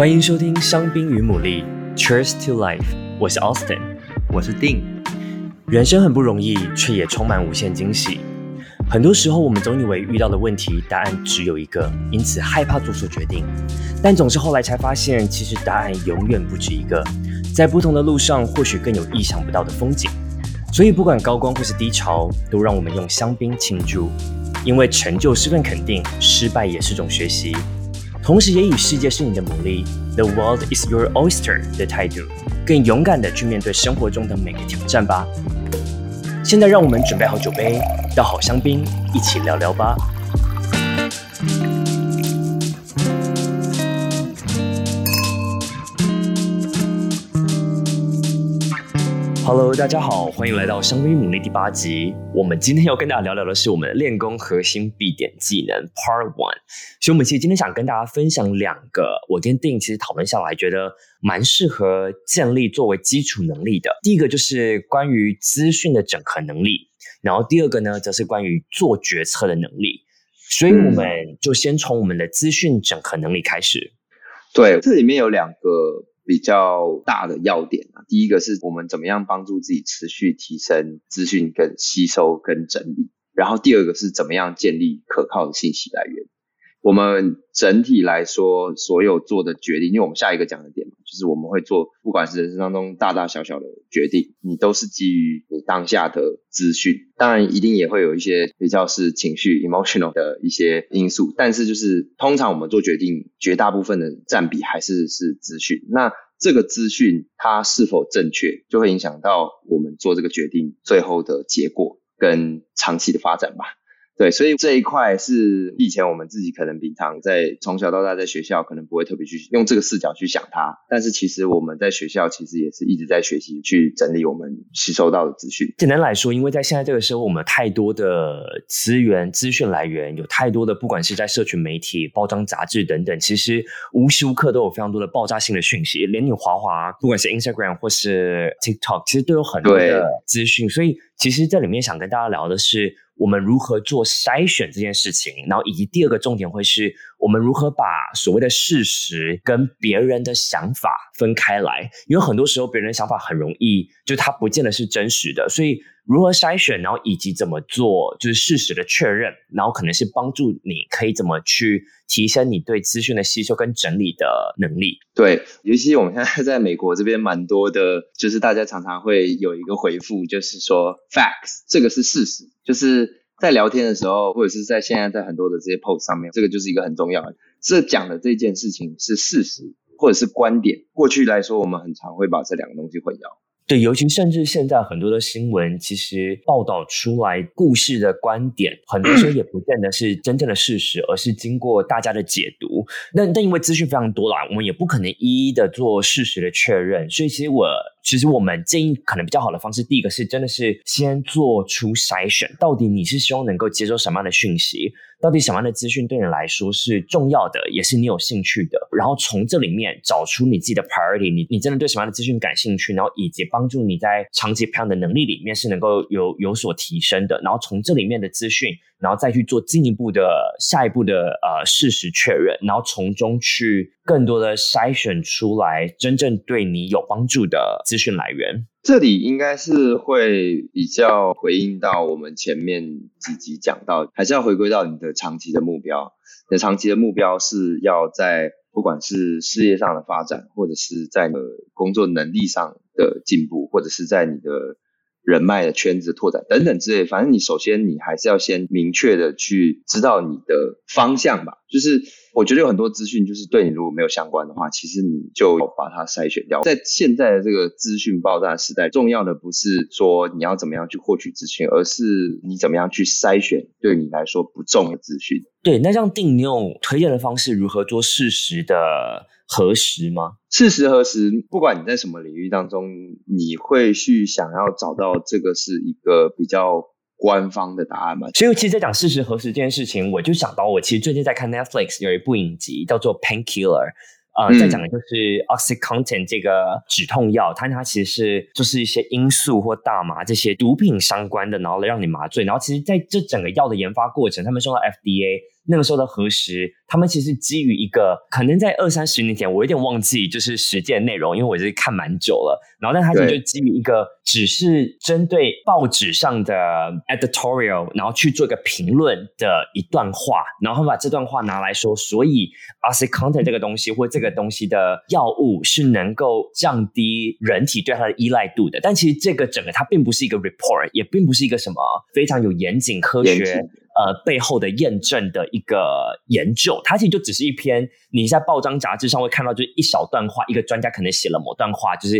歡迎收聽香檳與牡蠣，Cheers to life！我是 Alston，我是 Dean。人生很不容易，卻也充滿無限驚喜。很多時候，我們總以為遇到的問題答案只有一個，因此害怕做出決定。但總是後來才發現，其實答案永遠不止一個。在不同的路上，或許更有意想不到的風景。所以，不管高光或是低潮，都讓我們用香檳慶祝，因為成就是份肯定，失敗也是種學習。同時也以“世界是你的牡蠣，The world is your oyster” 的態度，更勇敢地去面對生活中的每個挑戰吧。現在，讓我們準備好酒杯，倒好香檳，一起聊聊吧。Hello，大家好，歡迎來到《商兵努力》第八集。我們今天要跟大家聊聊的是我們的練功核心必點技能 Part One。所以，我們其實今天想跟大家分享兩個。我今天電影其實討論下來，覺得蠻適合建立作為基礎能力的。第一個就是關於資訊的整合能力，然後第二個呢，則是關於做決策的能力。所以，我們就先從我們的資訊整合能力開始。嗯、對，這裡面有兩個比較大的要點啊，第一個是我們怎麼樣幫助自己持續提升資訊跟吸收跟整理，然後第二個是怎麼樣建立可靠的信息來源。我們整體來說，所有做的決定，因為我們下一個講的點嘛，就是我們會做，不管是人生當中大大小小的決定，你都是基於你當下的資訊。當然，一定也會有一些比較是情緒 emotional 的一些因素，但是就是通常我們做決定，絕大部分的占比還是是資訊。那這個資訊它是否正確，就會影響到我們做這個決定最後的結果跟長期的發展吧。對，所以這一塊是以前我們自己可能平常在從小到大在學校可能不會特別去用這個視角去想它，但是其實我們在學校其實也是一直在學習去整理我們吸收到的資訊。簡單來說，因為在現在這個時候，我們太多的資源、資訊來源有太多的，不管是在社群媒體、報章雜誌等等，其實無時無刻都有非常多的爆炸性的訊息。連你滑滑，不管是 Instagram 或是 TikTok，其實都有很多的資訊。對所以其實這裡面想跟大家聊的是，我們如何做篩選這件事情，然後以及第二個重點會是我們如何把所謂的事實跟別人的想法分開來，因為很多時候別人的想法很容易，就他不見得是真實的，所以。如何篩選，然後以及怎麼做，就是事實的確認，然後可能是幫助你可以怎麼去提升你對資訊的吸收跟整理的能力。對，尤其我們現在在美國這邊蠻多的，就是大家常常會有一個回復，就是說 facts，這個是事實，就是在聊天的時候，或者是在現在在很多的這些 post 上面，這個就是一個很重要。這講的這件事情是事實，或者是觀點。過去來說，我們很常會把這兩個東西混淆。對，尤其甚至現在很多的新聞，其實報道出來故事的觀點，很多時候也不見得是真正的事實，而是經過大家的解讀。那那因為資訊非常多啦，我們也不可能一一的做事實的確認，所以其實我。其實我們建議可能比較好的方式，第一個是真的是先做出篩選，到底你是希望能夠接受什麼樣的訊息，到底什麼樣的資訊對你來說是重要的，也是你有興趣的，然後從這裡面找出你自己的 priority，你你真的對什麼樣的資訊感興趣，然後以及幫助你在長期培養的能力裡面是能夠有有所提升的，然後從這裡面的資訊。然後再去做進一步的下一步的呃事實確認，然後從中去更多的篩選出來真正對你有幫助的資訊來源。這裡應該是會比較回應到我們前面幾集講到，還是要回歸到你的長期的目標。你的長期的目標是要在不管是事業上的發展，或者是在你的工作能力上的進步，或者是在你的。人脈的圈子拓展、等等之類，反正你首先你還是要先明確的去知道你的方向吧，就是。我覺得有很多資訊，就是對你如果沒有相關的話，其實你就把它篩選掉。在現在的這個資訊爆炸時代，重要的不是說你要怎麼樣去獲取資訊，而是你怎麼樣去篩選對你來說不重要的資訊。對，那像 Dean 你有推薦的方式，如何做事實的核實嗎？事實核實，不管你在什麼領域當中，你會去想要找到這個是一個比較。官方的答案嘛，所以其實，在講事實核實這件事情，我就想到，我其實最近在看 Netflix 有一部影集叫做《Painkiller》，呃、嗯，啊，在講的就是 Oxycontin 這個止痛藥，它它其實是就是一些罌粟或大麻這些毒品相關的，然後來讓你麻醉。然後，其實在這整個藥的研發過程，他們送到 FDA。那個時候的核實，他們其實基於一個，可能在二三十年前，我有點忘記就是實踐內容，因為我已經看蠻久了。然後，但是他就基於一個，只是針對報紙上的 editorial，然後去做一個評論的一段話，然後他把這段話拿來說。所以，阿 content 這個東西、嗯、或這個東西的藥物是能夠降低人體對它的依賴度的。但其實這個整個它並不是一個 report，也並不是一個什麼非常有嚴謹科學。呃，背後的驗證的一個研究，它其實就只是一篇你在報章雜誌上會看到，就是一小段話，一個專家可能寫了某段話，就是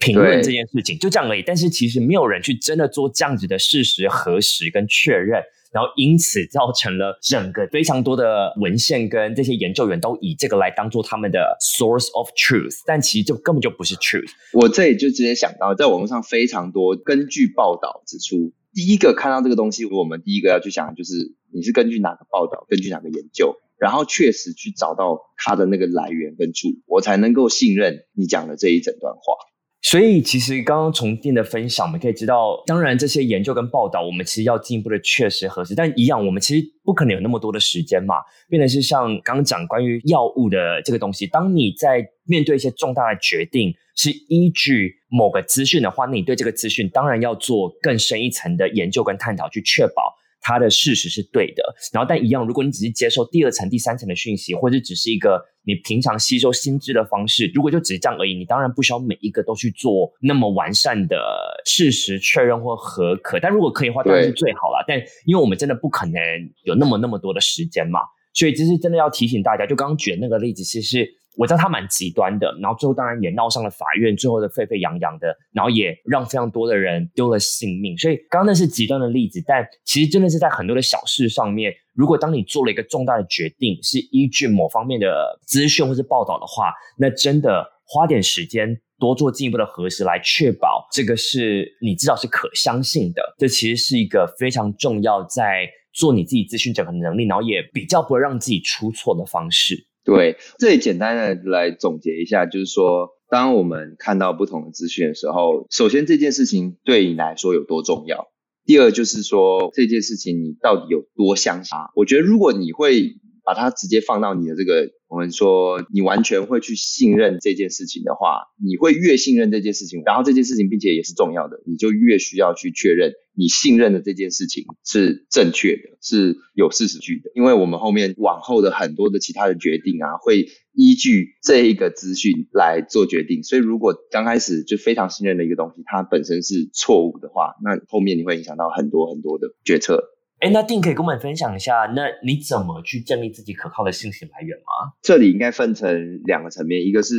評論這件事情，對就這樣而已。但是其實沒有人去真的做這樣子的事實核實跟確認，然後因此造成了整個非常多的文獻跟這些研究員都以這個來當做他們的 source of truth，但其實就根本就不是 truth。我這裡就直接想到，在網絡上非常多根據報道指出。第一個看到這個東西，我們第一個要去想，就是你是根據哪個報道，根據哪個研究，然後確實去找到它的那個來源跟出處，我才能夠信任你講的這一整段話。所以，其實剛剛 Dean 的分享，我們可以知道，當然這些研究跟報道，我們其實要進一步的確實核實。但一樣，我們其實不可能有那麼多的時間嘛。變成是，像剛剛講關於藥物的這個東西，當你在面對一些重大的決定，是依據某個資訊的話，那你對這個資訊，當然要做更深一層的研究跟探討，去確保。它的事實是對的，然後但一樣，如果你只是接受第二層、第三層的訊息，或者只是一個你平常吸收新知的方式，如果就只是這樣而已，你當然不需要每一個都去做那麼完善的事實確認或核可。但如果可以的話，當然是最好了。對但因為我們真的不可能有那麼那麼多的時間嘛，所以這是真的要提醒大家，就剛剛舉那個例子，其實。我知道他蠻極端的，然後最後當然也鬧上了法院，最後的沸沸揚揚的，然後也讓非常多的人丟了性命。所以剛剛那是極端的例子，但其實真的是在很多的小事上面，如果當你做了一個重大的決定，是依據某方面的資訊或是報道的話，那真的花點時間多做進一步的核實，來確保這個是你至少是可相信的。這其實是一個非常重要，在做你自己資訊整合的能力，然後也比較不會讓自己出錯的方式。對，這裡簡單的來總結一下，就是說，當我們看到不同的資訊的時候，首先這件事情對你來說有多重要，第二就是說，這件事情你到底有多相信？我覺得如果你會。把它直接放到你的這個，我們說你完全會去信任這件事情的話，你會越信任這件事情，然後這件事情並且也是重要的，你就越需要去確認你信任的這件事情是正確的，是有事實據的，因為我們後面往後的很多的其他的決定啊，會依據這一個資訊來做決定，所以如果剛開始就非常信任的一個東西，它本身是錯誤的話，那後面你會影響到很多很多的決策。哎，那 Dean 可以跟我們分享一下，那你怎麼去建立自己可靠的信息來源嗎？這裡應該分成兩個層面，一個是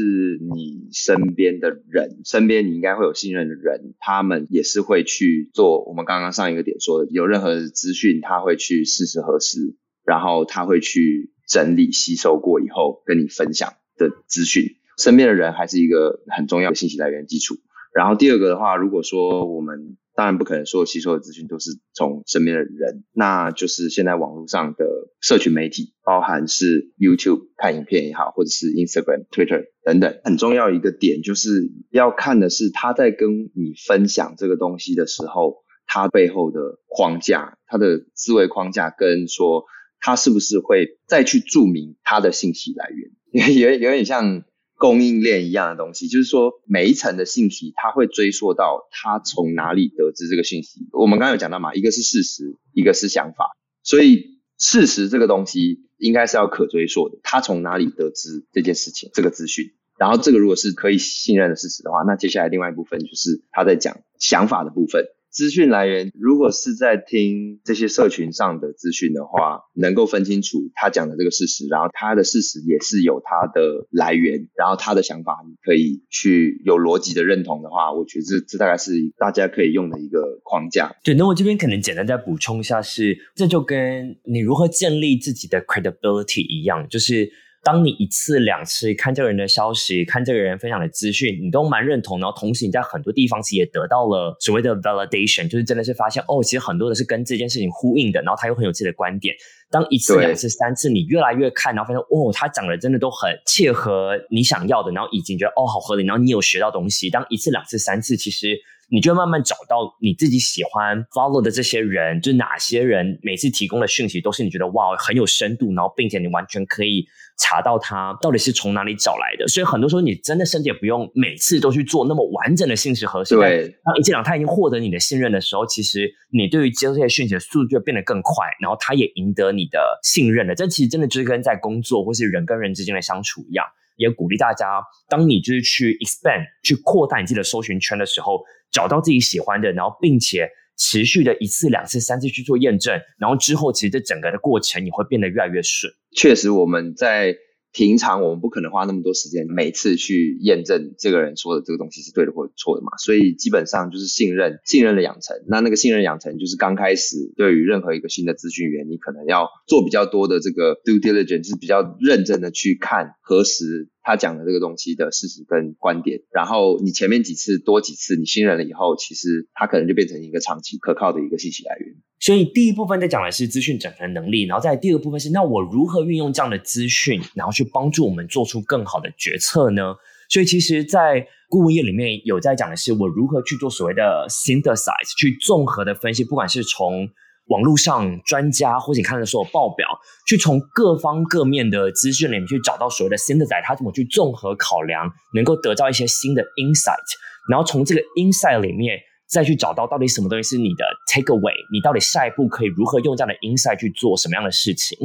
你身邊的人，身邊你應該會有信任的人，他們也是會去做我們剛剛上一個點說的，有任何資訊他會去事實核實，然後他會去整理吸收過以後跟你分享的資訊。身邊的人還是一個很重要的信息來源基礎。然後第二個的話，如果說我們當然不可能，說吸收的資訊都是從身邊的人，那就是現在網絡上的社群媒體，包含是 YouTube 看影片也好，或者是 Instagram、Twitter 等等。很重要一個點，就是要看的是他在跟你分享這個東西的時候，他背後的框架，他的思維框架，跟說他是不是會再去註明他的信息來源， 有，有點像。供應鏈一樣的東西，就是說每一層的信息，它會追溯到他從哪裡得知這個信息。我們剛才有講到嘛，一個是事實，一個是想法。所以事實這個東西應該是要可追溯的，他從哪裡得知這件事情、這個資訊。然後這個如果是可以信任的事實的話，那接下來另外一部分就是他在講想法的部分。資訊來源，如果是在聽這些社群上的資訊的話，能夠分清楚他講的這個事實，然後他的事實也是有他的來源，然後他的想法你可以去有邏輯的認同的話，我覺得這這大概是大家可以用的一個框架。對，那我這邊可能簡單再補充一下是，是這就跟你如何建立自己的 credibility 一樣，就是。當你一次兩次看這個人的消息，看這個人分享的資訊，你都蠻認同，然後同時你在很多地方其實也得到了所謂的 validation，就是真的是發現哦，其實很多人是跟這件事情呼應的，然後他又很有自己的觀點。當一次兩次三次，對你越來越看，然後發現哦，他講的真的都很切合你想要的，然後已經覺得哦好合理，然後你有學到東西。當一次兩次三次，其實你就會慢慢找到你自己喜歡 follow 的這些人，就是、哪些人每次提供的訊息都是你覺得哇很有深度，然後並且你完全可以。查到他到底是從哪裡找來的，所以很多時候你真的甚至也不用每次都去做那麼完整的信息核實。對，那一旦他已經獲得你的信任的時候，其實你對於接受這些訊息的速度就變得更快，然後他也贏得你的信任了。這其實真的就是跟在工作或是人跟人之間的相處一樣，也鼓勵大家，當你就是去 expand 去擴大你自己的搜尋圈的時候，找到自己喜歡的，然後並且。持續的一次、兩次、三次去做驗證，然後之後其實這整個的過程也會變得越來越順。確實，我們在平常我們不可能花那麼多時間每次去驗證這個人說的這個東西是對的或者錯的嘛，所以基本上就是信任，信任的養成。那那個信任養成，就是剛開始對於任何一個新的資訊源，你可能要做比較多的這個 due diligence，就是比較認真的去看核實。他講的這個東西的事實跟觀點，然後你前面幾次多幾次你信任了以後，其實他可能就變成一個長期可靠的一個信息來源。所以第一部分在講的是資訊整合能力，然後在第二部分是那我如何運用這樣的資訊，然後去幫助我們做出更好的決策呢？所以其實在顧問業裡面有在講的是我如何去做所謂的 synthesize 去綜合的分析，不管是從。網絡上專家或者你看的所有報表，去從各方各面的資訊裡面去找到所謂的 synthesize，他怎麼去綜合考量，能夠得到一些新的 insight，然後從這個 insight 裡面再去找到到底什麼東西是你的 take away，你到底下一步可以如何用這樣的 insight 去做什麼樣的事情？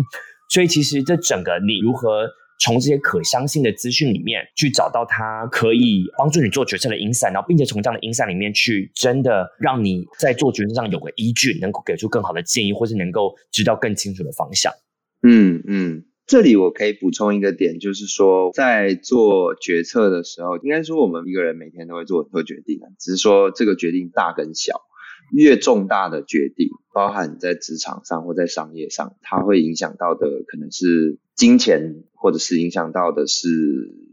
所以其實這整個你如何從這些可相信的資訊裡面去找到它可以幫助你做決策的 insight，然後並且從這樣的 insight 裡面去真的讓你在做決策上有個依據，能夠給出更好的建議，或是能夠知道更清楚的方向。嗯嗯，這裡我可以補充一個點，就是說在做決策的時候，應該說我們一個人每天都會做很多決定，只是說這個決定大跟小。越重大的決定，包含在職場上或在商業上，它會影響到的可能是金錢，或者是影響到的是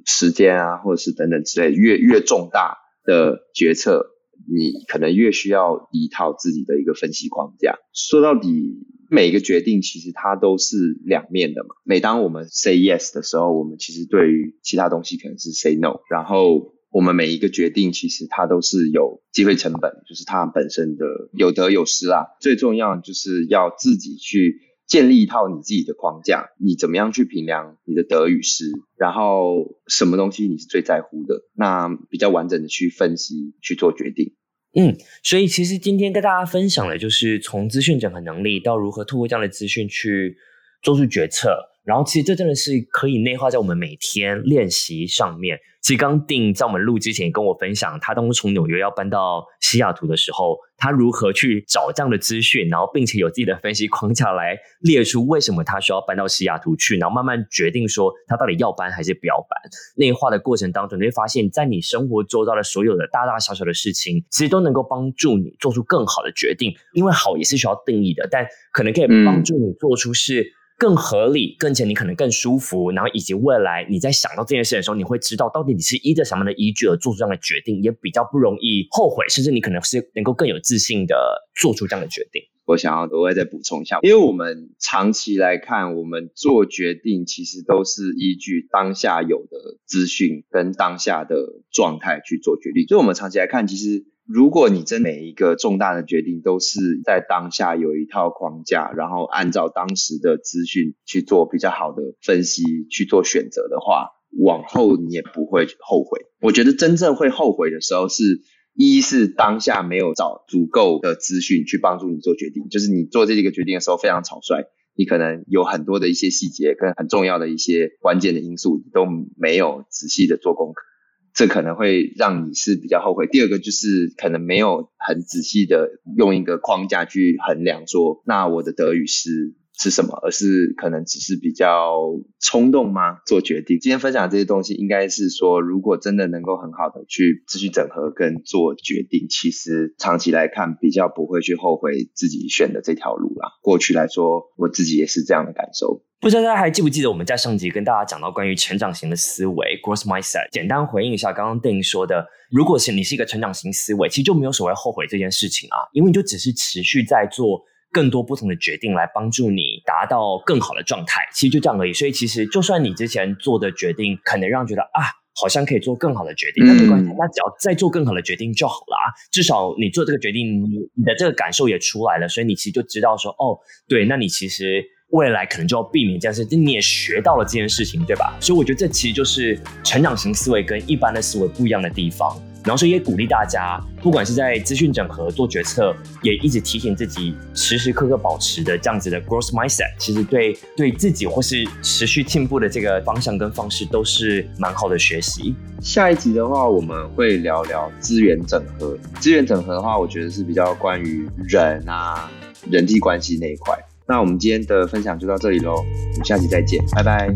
時間啊，或者是等等之類。越越重大的決策，你可能越需要一套自己的一個分析框架。說到底，每個決定其實它都是兩面的嘛。每當我們 say yes 的時候，我們其實對於其他東西可能是 say no，然後。我們每一個決定，其實它都是有機會成本，就是它本身的有得有失啊。最重要就是要自己去建立一套你自己的框架，你怎麼樣去評量你的得與失，然後什麼東西你是最在乎的，那比較完整的去分析去做決定。嗯，所以其實今天跟大家分享的就是從資訊整合能力到如何通過這樣的資訊去做出決策。然後，其實這真的是可以內化在我們每天練習上面。其實剛 Dean 在我們錄之前，也跟我分享，他當初從紐約要搬到西雅圖的時候，他如何去找這樣的資訊，然後並且有自己的分析框架來列出為什麼他需要搬到西雅圖去，然後慢慢決定說他到底要搬還是不要搬。內化的過程當中，你會發現，在你生活周遭的所有的大大小小的事情，其實都能夠幫助你做出更好的決定。因為好也是需要定義的，但可能可以幫助你做出是，嗯。更合理，並且你可能更舒服，然後以及未來你在想到這件事的時候，你會知道到底你是依着什麼的依據而做出這樣的決定，也比較不容易後悔，甚至你可能是能夠更有自信的做出這樣的決定。我想要額外再補充一下，因為我們長期來看，我們做決定其實都是依據當下有的資訊跟當下的狀態去做決定，所以我們長期來看，其實。如果你真的每一個重大的決定都是在當下有一套框架，然後按照當時的資訊去做比較好的分析去做選擇的話，往後你也不會後悔。我覺得真正會後悔的時候是，一是當下沒有找足夠的資訊去幫助你做決定，就是你做這幾個決定的時候非常草率，你可能有很多的一些細節跟很重要的一些關鍵的因素你都沒有仔細的做功課。這可能會讓你是比較後悔。第二個就是可能沒有很仔細的用一個框架去衡量說，那我的得與失，是什麼？而是可能只是比較衝動嗎，做決定。今天分享的這些東西，應該是說，如果真的能夠很好的去繼續整合跟做決定，其實長期來看比較不會去後悔自己選的這條路啦。過去來說，我自己也是這樣的感受。不知道大家還記不記得我們在上集跟大家講到關於成長型的思維，growth mindset。簡單回應一下剛剛 Dean 說的：如果是你是一個成長型思維，其實就沒有所謂後悔這件事情啊，因為你就只是持續在做。更多不同的決定來幫助你達到更好的狀態，其實就這樣而已。所以其實就算你之前做的決定，可能讓你覺得啊，好像可以做更好的決定，那沒關係，那只要再做更好的決定就好了啊。至少你做這個決定，你的這個感受也出來了，所以你其實就知道說，哦，對，那你其實未來可能就要避免這件事，你也學到了這件事情，對吧？所以我覺得這其實就是成長型思維跟一般的思維不一樣的地方。然後所以也鼓勵大家，不管是在資訊整合、做決策，也一直提醒自己，時時刻刻保持的這樣子的 growth mindset，其實對對自己或是持續進步的這個方向跟方式都是蠻好的學習。下一集的話，我們會聊聊資源整合。資源整合的話，我覺得是比較關於人啊、人際關係那一塊。那我們今天的分享就到這裡嘍，我們下期再見，拜拜。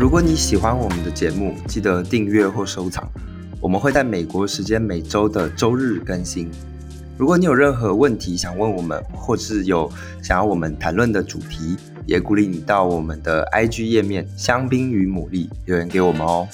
如果你喜歡我們的節目，記得訂閱或收藏。我們會在美國時間每週的週日更新。如果你有任何問題想問我們，或是有想要我們談論的主題，也鼓勵你到我們的 IG 頁面“香檳與牡蠣”留言給我們哦。